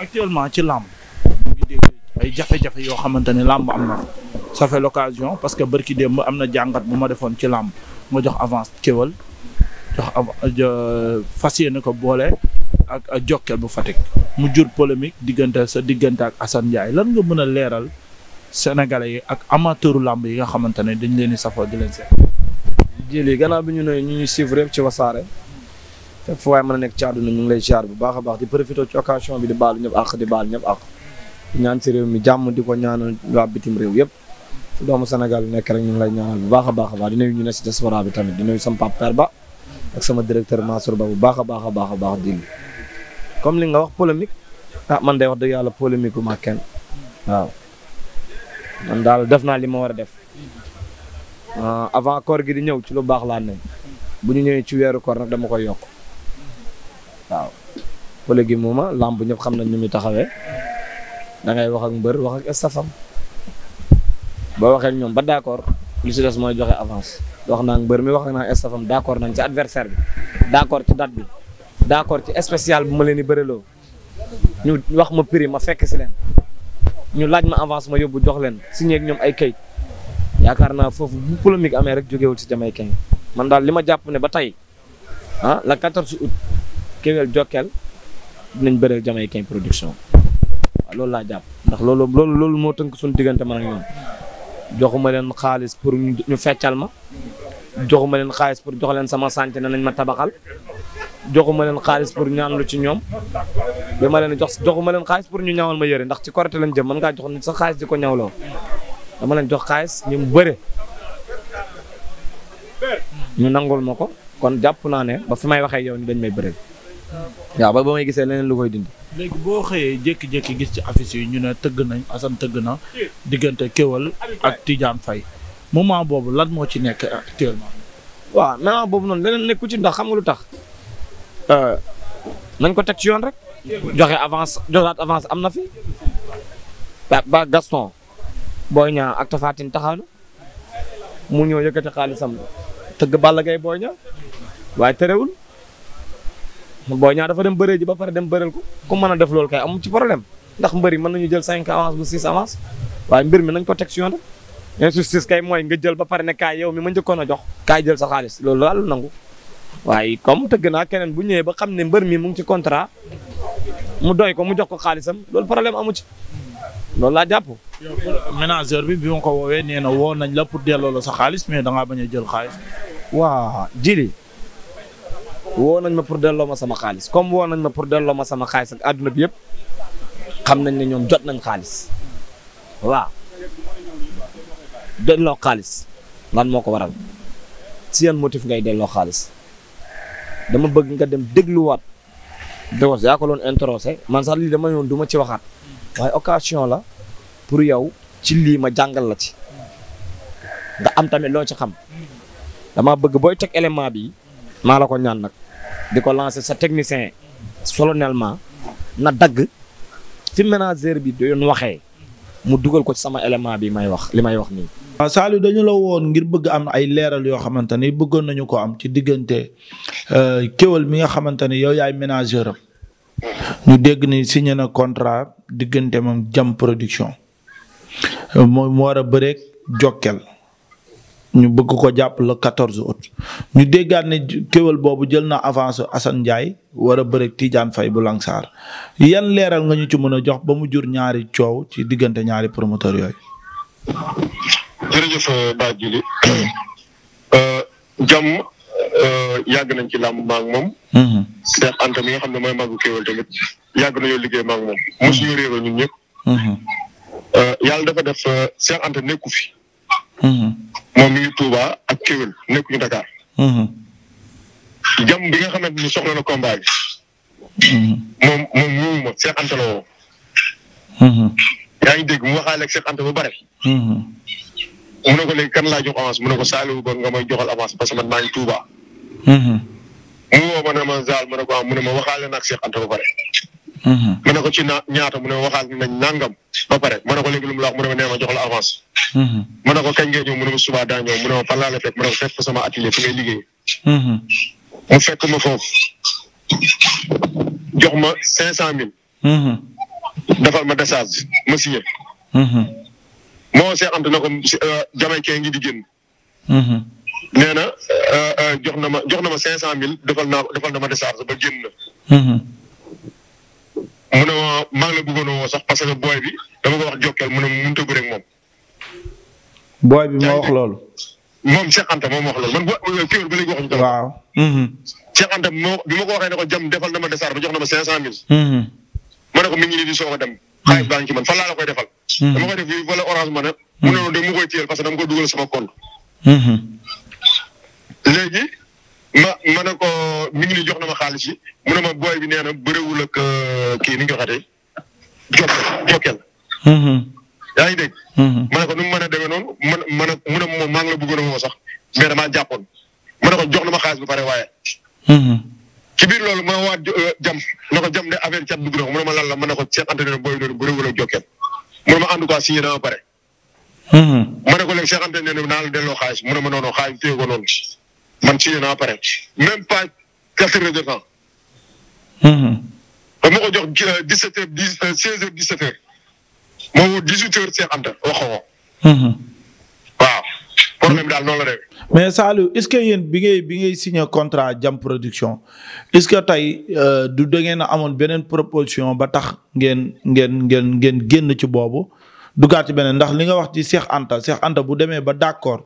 actuellement ci làmb ñu ngi dégg ay jafe-jafe yoo xamante ne làmb am na ça fait parce que bërki démb am na jàngat bu ma defoon ci làmb nga jox avance Kewel jox avance fas yéene ko boole ak ak Jokkel bu Fatick mu jur polémique diggante sa diggante ak assan Ndiaye lan nga mën a leeral Sénégalais yi ak amateuru làmb yi nga xamante ne dañ leen di safoo di leen seet. jëli gannaaw bi ñu ne ñu ngi suivre yëpp ci wasaare. fépp waaye mën a nekk ci àdduna ñu ngi lay ziar bu baax a baax di profité ci occasion bi di baalu ñëpp àq di réew mi jàmm di ko ñaanal waa bitim réew yëpp doomu Sénégal bi nekk rek ñu ngi lay ñaanal bu baax a baax a baax di nuyu ñu ne si diaspora bi tamit di nuyu sama papa Père Ba Ba bu baax a a baax a baax di comme li nga wax polémique ah man day wax dëgg yàlla polémique bu ma man daal def naa li ma war a def ah, avant koor gi di ñëw ci lu baax laa bu ñu ñëwee ci weeru koor nag dama koy yokk waaw pële gi mooma làmb ñëpp xam nañ ñu muy taxawee da ngay wax ak mbër wax ak stafam boo waxee ñoom ba d'accord li si des mooy joxe avance wax naa mbër mi wax naa stafam d'accord nañ ci adversaire bi d'accord ci date bi d'accord ci spécial bu ma leen di bëreloo ñu wax ma prix ma fekk si leen ñu laaj ma avance ma yóbbu jox leen si ak ñoom ay kayit yaakaar naa foofu bu polémique amee rek jógewul ci jamaïcain man daal li ma jàpp ne ba tey ah la si août kéwél Jokal dinañ bëreel Jamaïcain production loolu laa jàpp ndax loolu loolu moo tënk suñu diggante man ak ñoom joxuma leen xaalis pour ñu feccal ma joxuma leen xaalis pour jox leen sama sànc na nañ ma tabaxal joxuma leen xaalis pour ñaan lu ci ñoom bi ma leen jox joxuma leen xaalis pour ñu ñawal ma yëre ndax ci korité lañ jëm man ngaa jox nit sa xaalis di ko ñawloo dama leen jox xaalis ñu bëre ñu nangul ma ko kon jàpp naa ne ba fi may waxee yow ni dañ may bëre waaw ba ba may gisee leneen lu koy dindi. léegi boo xëyee jékki-jékki gis ci affiche yi ñu ne tëgg nañ Assane tëgg na diggante Kéwal ak Tidiane Faye moment boobu lan moo ci nekk actuellement. waaw moment boobu noonu leneen nekku ci ndax xam tax. Euh, nañ ko teg ci yoon rek. joxe avance joxaat avance am na fi. ba ba Gaston. Boy Niang ak Tapha Tine taxaw na. mu ñëw yëkkati xaalisam tëgg Balla Gaye Boy Niang waaye terewul. Boy Niang dafa dem bëree ji ba pare dem bëreel ko ku mën a def loolu kay amu ci problème ndax mbëri mën ñu jël cinq avance bu six avance waaye mbir mi nañ ko teg si yoon injustice kay mooy nga jël ba pare ne kaay yow mi ma njëkkoon a jox kaay jël sa xaalis loolu daal nangu waaye comme tëgg naa keneen bu ñëwee ba xam ne mbër mi mu ngi ci contrat mu doy ko mu jox ko xaalisam loolu problème amu ci loolu laa jàpp. manager bi bi ma ko woowee nee na woo nañ la pour delloo sa xaalis mais da ngaa a jël xaalis. waa jili woo nañ ma pour delloo ma sama xaalis comme woo nañ ma pour delloo ma sama xaalis ak àdduna bi yëpp xam nañ ne ñoom jot nañ xaalis waaw delloo xaalis lan moo ko waral si yan ngay delloo xaalis dama bëgg nga dem dégluwaat dewos yaa introsé man sax lii dama yoon waxaat waaye occasion la pour yow ci lii ma jàngal la ci nga am tamit loo ci xam dama bëgg booy teg élément bi maa la ko ñaan nag di ko lancé sa technicien solennellement na dagg fi manager bi doon waxee mu dugal ko ci sama élément bi may wax li may wax nii. waaw Saliou dañu la woon ngir bëgg am ay leeral yoo xamante ni bëggoon nañu ko am ci diggante euh, kéwél mi nga xamante ni yow yaay manager am ñu dégg ni signé na contrat diggante moom jam production moo war a bëreeg Jokkel. ñu bëgg ko jàpp le quatorze août ñu déggaat ne kéwél boobu jël na avance Assane Ndiaye war a bëreeg Tidiane Faye bu Langsar yan leeral nga ñu ci mën a jox ba mu jur ñaari coow ci diggante ñaari promoteur yooyu. jërëjëf euh, Ba Djili euh, jàmm euh, yàgg nañ ci làmb maak moom. Cheikh mm-hmm. Anta mi nga xam ne mooy màggu kéwél tamit yàgg nañoo liggéey maak moom mm-hmm. yàlla dafa def Cheikh Anta nekku fi. Mm-hmm. moom mi ngi Touba ak Kewel nekkuñu Dakar. jam mm-hmm. bi nga xamante ni soxla na combat bi. Mm-hmm. moom moom wóowu ma Cheikh Anta woo. Mm-hmm. yaa ngi dégg mu waxaale ak Cheikh Anta ba bare. mu ne ko léegi kan laa avance mu ne ko Saliou ba nga may joxal avance parce que man maa ngi Touba. mu woo ma ne ma Zal ma ne ko ah mu ne ma waxaale na see Cheikh ba bare. ma mm-hmm. ne ko ci ñaata mu ne waxaat nañ nangam ba pare ma ne ko léegi lu mu la wax mu ne ma jox la avance. ma mm-hmm. ne ko kañ ngay ñëw mu ne ma subaa daa ñëw mu ne ma fan laa la fekk ma ne atelier fi ngay liggéey. Mm-hmm. mu fekk ma jox ma cinq cent mille. defal ma décharge ma signé. moo seexante na ko euh, jamaïcain ngi di génn. nee na euh, euh, jox na ma jox na ma cinq cent mille defal na ma décharge ba génn na. mu ne ma la bëggoon a sax parce que booy bi dama ko wax jokkeel mu ne ma mënut a bëre ak moom. booy bi moo wax loolu. moom Cheikh moom wax loolu man boo kii ba léegi waxuñu ko. waaw. Mm-hmm. Cheikh Anta moo waxee na ma desaar ba na ma cinq cent mm-hmm. a dem. xaalis mm-hmm. baa ngi ci man fan koy defal. dama koy def fii wala orange ma ne. a ne noonu da ma koy téyel parce que dama ko dugal sama léegi ma ma ne ko mi jox na ma xaalis yi mu a ma booy bi nee na bëriwul ak euh, kii ni nga ko waxatee Jokal mm-hmm. yaa ngi dégg. Mm-hmm. ma ne ko nu mu mën a demee noonu man ma ne mu ne moom maa a sax mais damaa jàppoon ma ne ko jox pare waaye. Mm-hmm. ci biir loolu ma euh, ne waa jam na ko jam de affaire cat dugg na ko mu ma lan la ma ne ko seen entraîneur booy bi noonu bëriwul ak Jokal mu ma en tout cas signé na ma pare. ma ne ko léegi seen entraîneur bi naa la xaalis mu ne ma noonu xaalis téye ko man ci naa pare même pas quatre heures de temps. dama mm-hmm. ko jox euh, dix sept heures dix euh, seize heures dix sept heures moom dix huit heures Anta waxoo mm-hmm. daal noonu la mais Saliou est-ce que yéen bi ngay bi ngay signé contrat Jam Production est-ce que tey euh, du da ngeen amoon beneen proposition ba tax ngeen ngeen ngeen ngeen génn ci boobu dugaat ci beneen ndax li nga wax ci Cheikh Anta Cheikh Anta bu demee ba d'accord.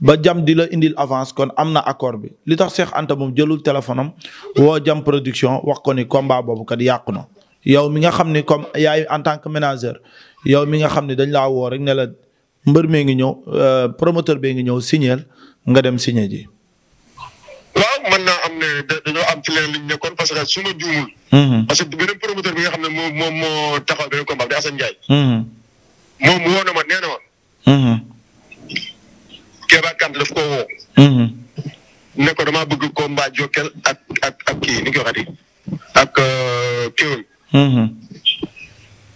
ba jam di la indil avance kon am na accord bi li tax Cheikh Anta moom jëlul téléphone am woo jam production wax ko ni combat boobu kat yàqu na yow mi nga xam ni comme yaay en tant que manager yow mi nga xam ni dañ laa woo rek ne mbër mee ngi ñëw euh, promoteur bee ngi ñëw signeel nga dem signé ji. waaw man naa am ne dañoo am ci leen liñ nekkoon parce que su ma juumul. Mm-hmm. parce promoteur bi nga xam ne moom moo taxaw beneen combat bi Assane Ndiaye. Mm-hmm. moom mu woon na ma nee mm-hmm. Keba Kante daf koo woo. Mm-hmm. ne ko damaa bëgg combat Jokal ak ak ak kii ni ñu koy waxati ak euh, Kéwel. Mm-hmm.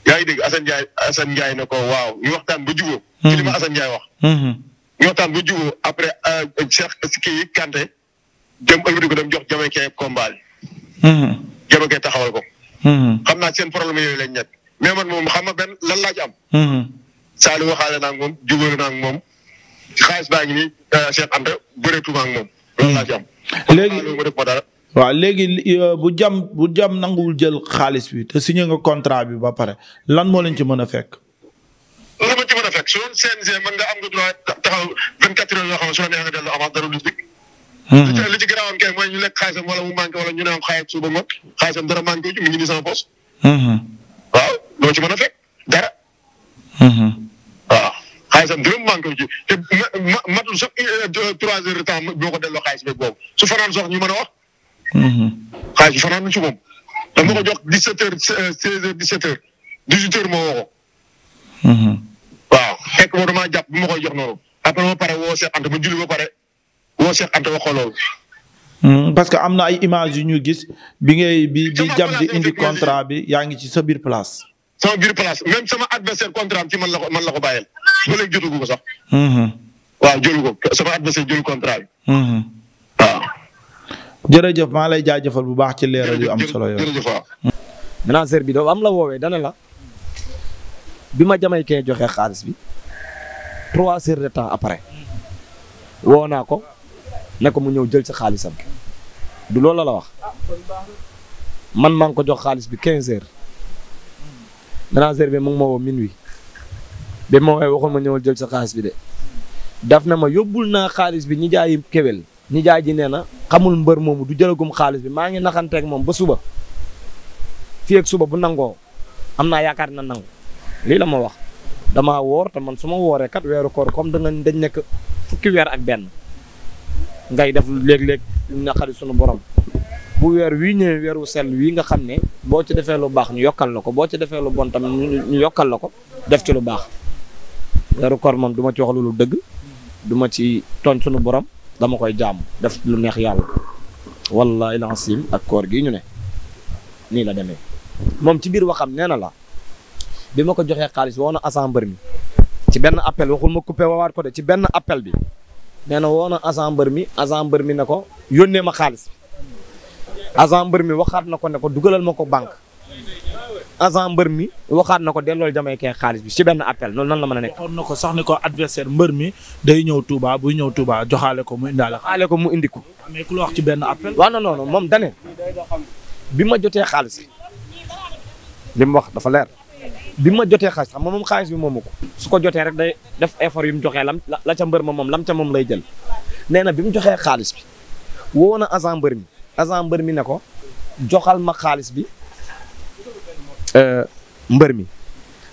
ngi dégg Assane Ndiaye Assane Ndiaye ne ko waaw ñu waxtaan ba jubóo. ci li ma mm-hmm. wax. ñu waxtaan ba après euh, Cheikh kii Kanté dem ëllëg ko dem jox Jamaïcain combat bi. Jamaïcain taxawal ko. xam naa seen problème yooyu lañ nekk mais man moom xam nga benn am. Saliou waxaale naa ak moom jubóo xaalis baa ngi nii euh, Cheikh Anta bëreetuma ak moom. loolu laa ci am. Hmm. léegi waaw léegi euh, bu jam bu jam nanguwul jël xaalis bi te signé nga contrat bi ba pare lan moo leen ci mën a fekk. loolu ma ci mën a fekk su doon CNG mën nga am nga droit taxaw 24 heures yoo xam ne su la neexee nga dellu avance dara lu dikk. Hmm. li ci li ci garaawoon kay mooy ñu lekk xaalisam wala mu manqué wala ñu ne am xaalis suba ma xaalisam dara manqué wu ci mu ngi nii sama hmm. waaw loo ci mën a fekk dara. xaalisam dërëm manqué wu ci te ma matul sax euh, trois heures de temps boo ko dello xaalis bi su fanaan sox ñu mën a wax. Mm-hmm. xaalis bi fanaan na ci moom. dama ko jox dix sept heures euh, seize heures dix sept heures dix huit heures moo woo mm-hmm. waaw fekk ma damaa jàpp bi ma koy jox noonu après ma pare woo Cheikh Anta ma julli ba pare woo Cheikh Anta waxoo loolu. Mm-hmm. parce que am na ay images yu ñu gis bi ngay bi bi jàpp di indi contrat bi yaa ngi ci sa biir place. sama biir place même sama adversaire contrat am ci man la ko man la ko bàyyeel ba léegi jotagu ko sax. Mhm. waaw jëlu ko sama adversaire jëlu contrat bi. Mhm. waaw. jërëjëf maa lay jaajëfal bu baax ci leeral yi am solo yow jërëjëf waaw. manager bi doo am la woowee dana la bi ma jamay kee joxe xaalis bi trois heures de temps après woo naa ko ne ko mu ñëw jël sa xaalisam du loolu la la wax man maa ngi ko jox xaalis bi quinze heures. manager bi mu ngi ma woo minuit bi ma woowee waxoon ma ñëwal jël sa xaalis bi de daf na ma yóbbul naa xaalis bi ñu jaayi kewel ñi jaay ji nee na xamul mbër moomu du jëlagum xaalis bi maa ngi naxanteeg moom ba suba fii suba bu nangoo am naa yaakaar na nangu lii la ma wax dama woor te man su ma wooree kat weeru koor comme da nga dañ nekk fukki weer ak benn ngay def léeg-léeg naqari sunu borom bu weer wii ñëwee weeru sell wii nga xam ne boo ci defee lu baax ñu yokkal la ko boo ci defee lu bon tam ñu yokkal la ko def ci lu baax weeru koor moom du ci wax lu dëgg du ma ci tooñ sunu borom dama koy jaamu def lu neex yàlla wallaahi lancim ak koor gi ñu ne nii la demee moom ci biir waxam nee na la bi ma ko joxee xaalis woo na agent mbër mi ci benn appel waxul ma coupé wawaat ko de ci benn appel bi nee na woo na agent mbër mi agent mbër mi ne ko yónnee ma xaalis agent mbër mi waxaat na ko ne ko dugalal ma ko banque agent mbër mi waxaat na ko dellool jamaïcain xaalis bi si benn appel noonu nan mën a nekk. na ko sax ni ko adversaire mbër mi day ñëw Touba buy ñëw Touba joxaale ko mu indaale. joxaale ko mu indi ko. mais ku la wax ci benn appel. waaw non non moom dane ma jotee xaalis bi li mu wax dafa leer bi ma jotee xaalis xam nga moom xaalis bi moomu ko su ko jotee rek day def effort yu mu joxee lam la ca mbër ma moom lam ca moom lay jël nee na bi mu joxee xaalis bi woo na agent mbër mi agent mbër mi ne ko joxal ma xaalis bi euh, mbër mi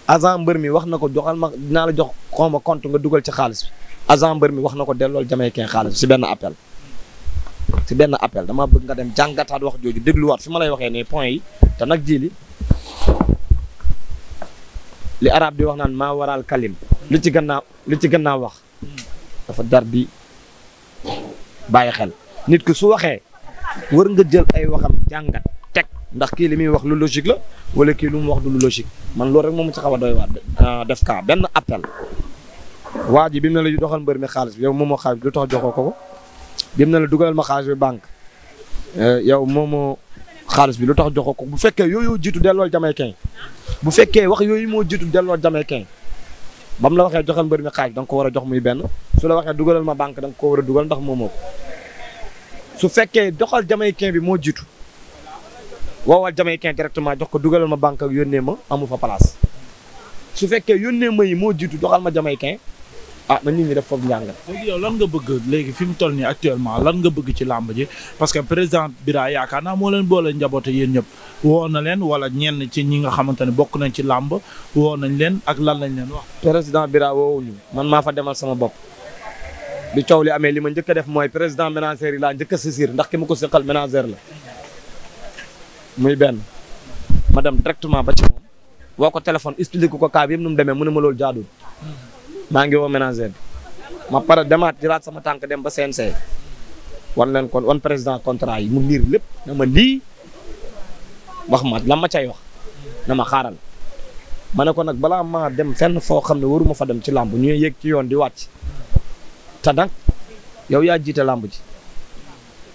agent mbër mi wax na ko joxal ma dinaa la jox xaw ma compte nga dugal ci xaalis bi agent mbër mi wax na ko dellool Jamaïcain xaalis bi si benn appel si benn appel dama bëgg nga dem jàngataat wax jooju dégluwaat fi ma lay waxee ne point yi te nag ji li li arab di wax naan maa waral kalim li ci gannaa li ci gannaaw wax dafa jar bi bàyyi xel nit ki su waxee war nga jël ay waxam jàngat teg ndax kii li muy wax lu logique la wala kii lu mu wax du lu logique man loolu rek moom mu ci xaw a doy waar euh, def kaa benn appel waa ji bi mu ne la doxal mbër mi xaalis bi yow moom moo xaalis lu tax joxoo ko ko bi mu ne la dugalal ma xaalis bi banque euh, yow moom moo xaalis bi lu tax joxoo ko bu fekkee yooyu jiitu delloo jamaïcain bu fekkee wax yooyu moo jiitu delloo jamaïcain ba mu la waxee joxal mbër mi xaalis da nga ko war a jox muy benn su la waxee dugalal ma banque da nga war a dugal ndax moomoo ko su fekkee doxal jamaïcain bi moo jiitu woowal jamaïcain directement jox ko dugalal ma banque ak yónnee ma amu fa place su fekkee yónnee ma yi moo jiitu doxal ma jamaïcain ah na nit ñi def foofu njàngal. yow lan nga bëgg léegi fi mu toll nii actuellement lan nga ci làmb ji parce que président Bira yaakaar naa moo leen boole njaboote yéen ñëpp woo na leen wala ñenn ci ñi nga xamante ne bokk nañ ci làmb woo nañ leen ak lan lañ leen wax. président Bira woowuñu man maa fa demal sama bopp. bi cow li amee li ma njëkk a def mooy président ménagère yi laa njëkk a saisir ndax ki ma ko seqal ménagère la muy benn ma dem directement ba ci moom woo ko téléphone expliqué ko kaa bi yëpp nu demee mu ne ma loolu jaadul maa ngi woo ménagère bi ma pare demaat jëlaat sama tànk dem ba CNC wan leen kon wan président contrat yi mu liir lépp na ma lii wax ma lan ma cay wax na ma xaaral ma ne ko nag balaa maa dem fenn foo xam ne waru ma fa dem ci làmb ñuy yéeg ci yoon di wàcc te nag yow yaa jiita làmb ji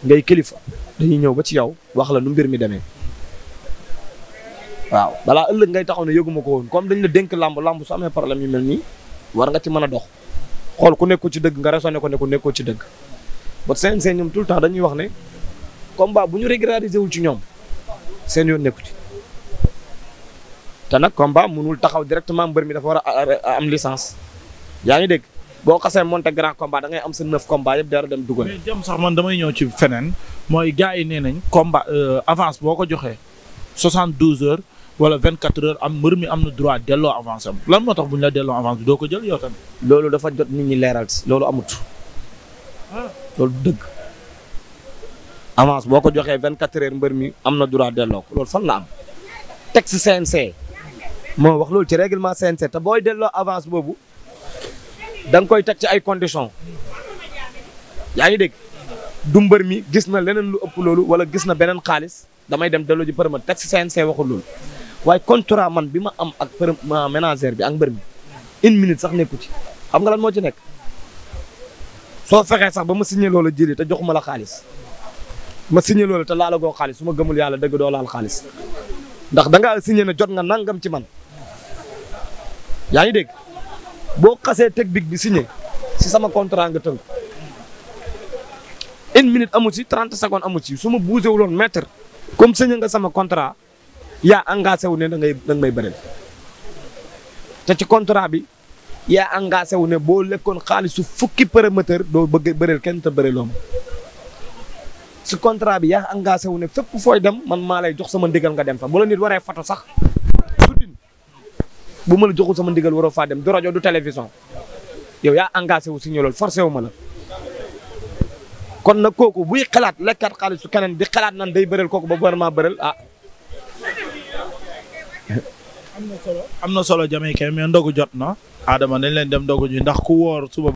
ngay kilifa dañuy ñëw ba ci yow wax la nu mbir mi demee waaw balaa ëllëg ngay taxaw ne yëguma ko woon comme dañ la dénk làmb làmb su amee problème yu mel nii war nga ci mën a dox xool ku nekkul ci dëgg nga raisonné ko nekku ku ci dëgg ba CNG ñoom tout le temps dañuy wax ne combat bu ñu régulariser wul ci ñoom seen yoon nekku ci te nag combat mënul taxaw directement mbër mi dafa war a am licence yaa ngi dégg boo xasee monté grand combat da ngay am sa neuf combat yëpp dara dem dugal. mais jëm sax man damay ñëw ci feneen mooy gars yi nee nañ combat euh, avance boo ko joxee soixante douze heures wala vingt quatre heures am mbër mi am na droit delloo avance lan moo tax bu la delloo avance doo ko jël yow tamit. loolu dafa jot nit ñi leeral si loolu amut. Ah. loolu dëgg. avance boo ko joxee vingt quatre heures mbër mi am na droit delloo ko loolu fan la am. texte CNC. moo wax loolu ci règlement CNC te booy delloo avance boobu. da nga koy teg ci ay conditions yaa ngi dégg du mbër mi gis na leneen lu ëpp loolu wala gis na beneen xaalis damay dem delloo ji ma teg ci CNC waxul loolu waaye contrat man bi ma am ak përma ménagère bi ak mbër mi une minute sax nekku ci xam nga lan moo ci nekk soo fexee sax ba ma signé loola jëli te joxuma la xaalis ma signé loola te laalagoo xaalis su ma gëmul yàlla dëgg doo laal xaalis ndax da ngaa signé ne jot nga nangam ci man yaa ngi dégg. boo xasee technique bi si signé si sama contrat nga tënk une minute amu ci trente secondes amu ci suma ma bougé wuloon mètre comme signé nga sama contrat yaa engagé wu ne da ngay da nga may bëreel te ci contrat bi yaa engagé wu ne boo lekkoon xaalisu fukki promoteur doo bëgg bëreel kenn te bëreeloo ma si contrat bi yaa engagé wu ne fépp fooy dem man maa lay jox sama ndigal nga dem fa bu la nit waree photo sax bu ma la joxul sama ndigal waroo faa dem du rajo du télévision yow yaa engagé wu si ñu loolu wu ma la. kon nag kooku buy xalaat lekkat xaalis su keneen di xalaat nan day bëreel kooku ba vraiment bëreel ah. am na solo am na solo ndogu jot na. Adama dañ leen dem ndogu ji ndax ku woor suba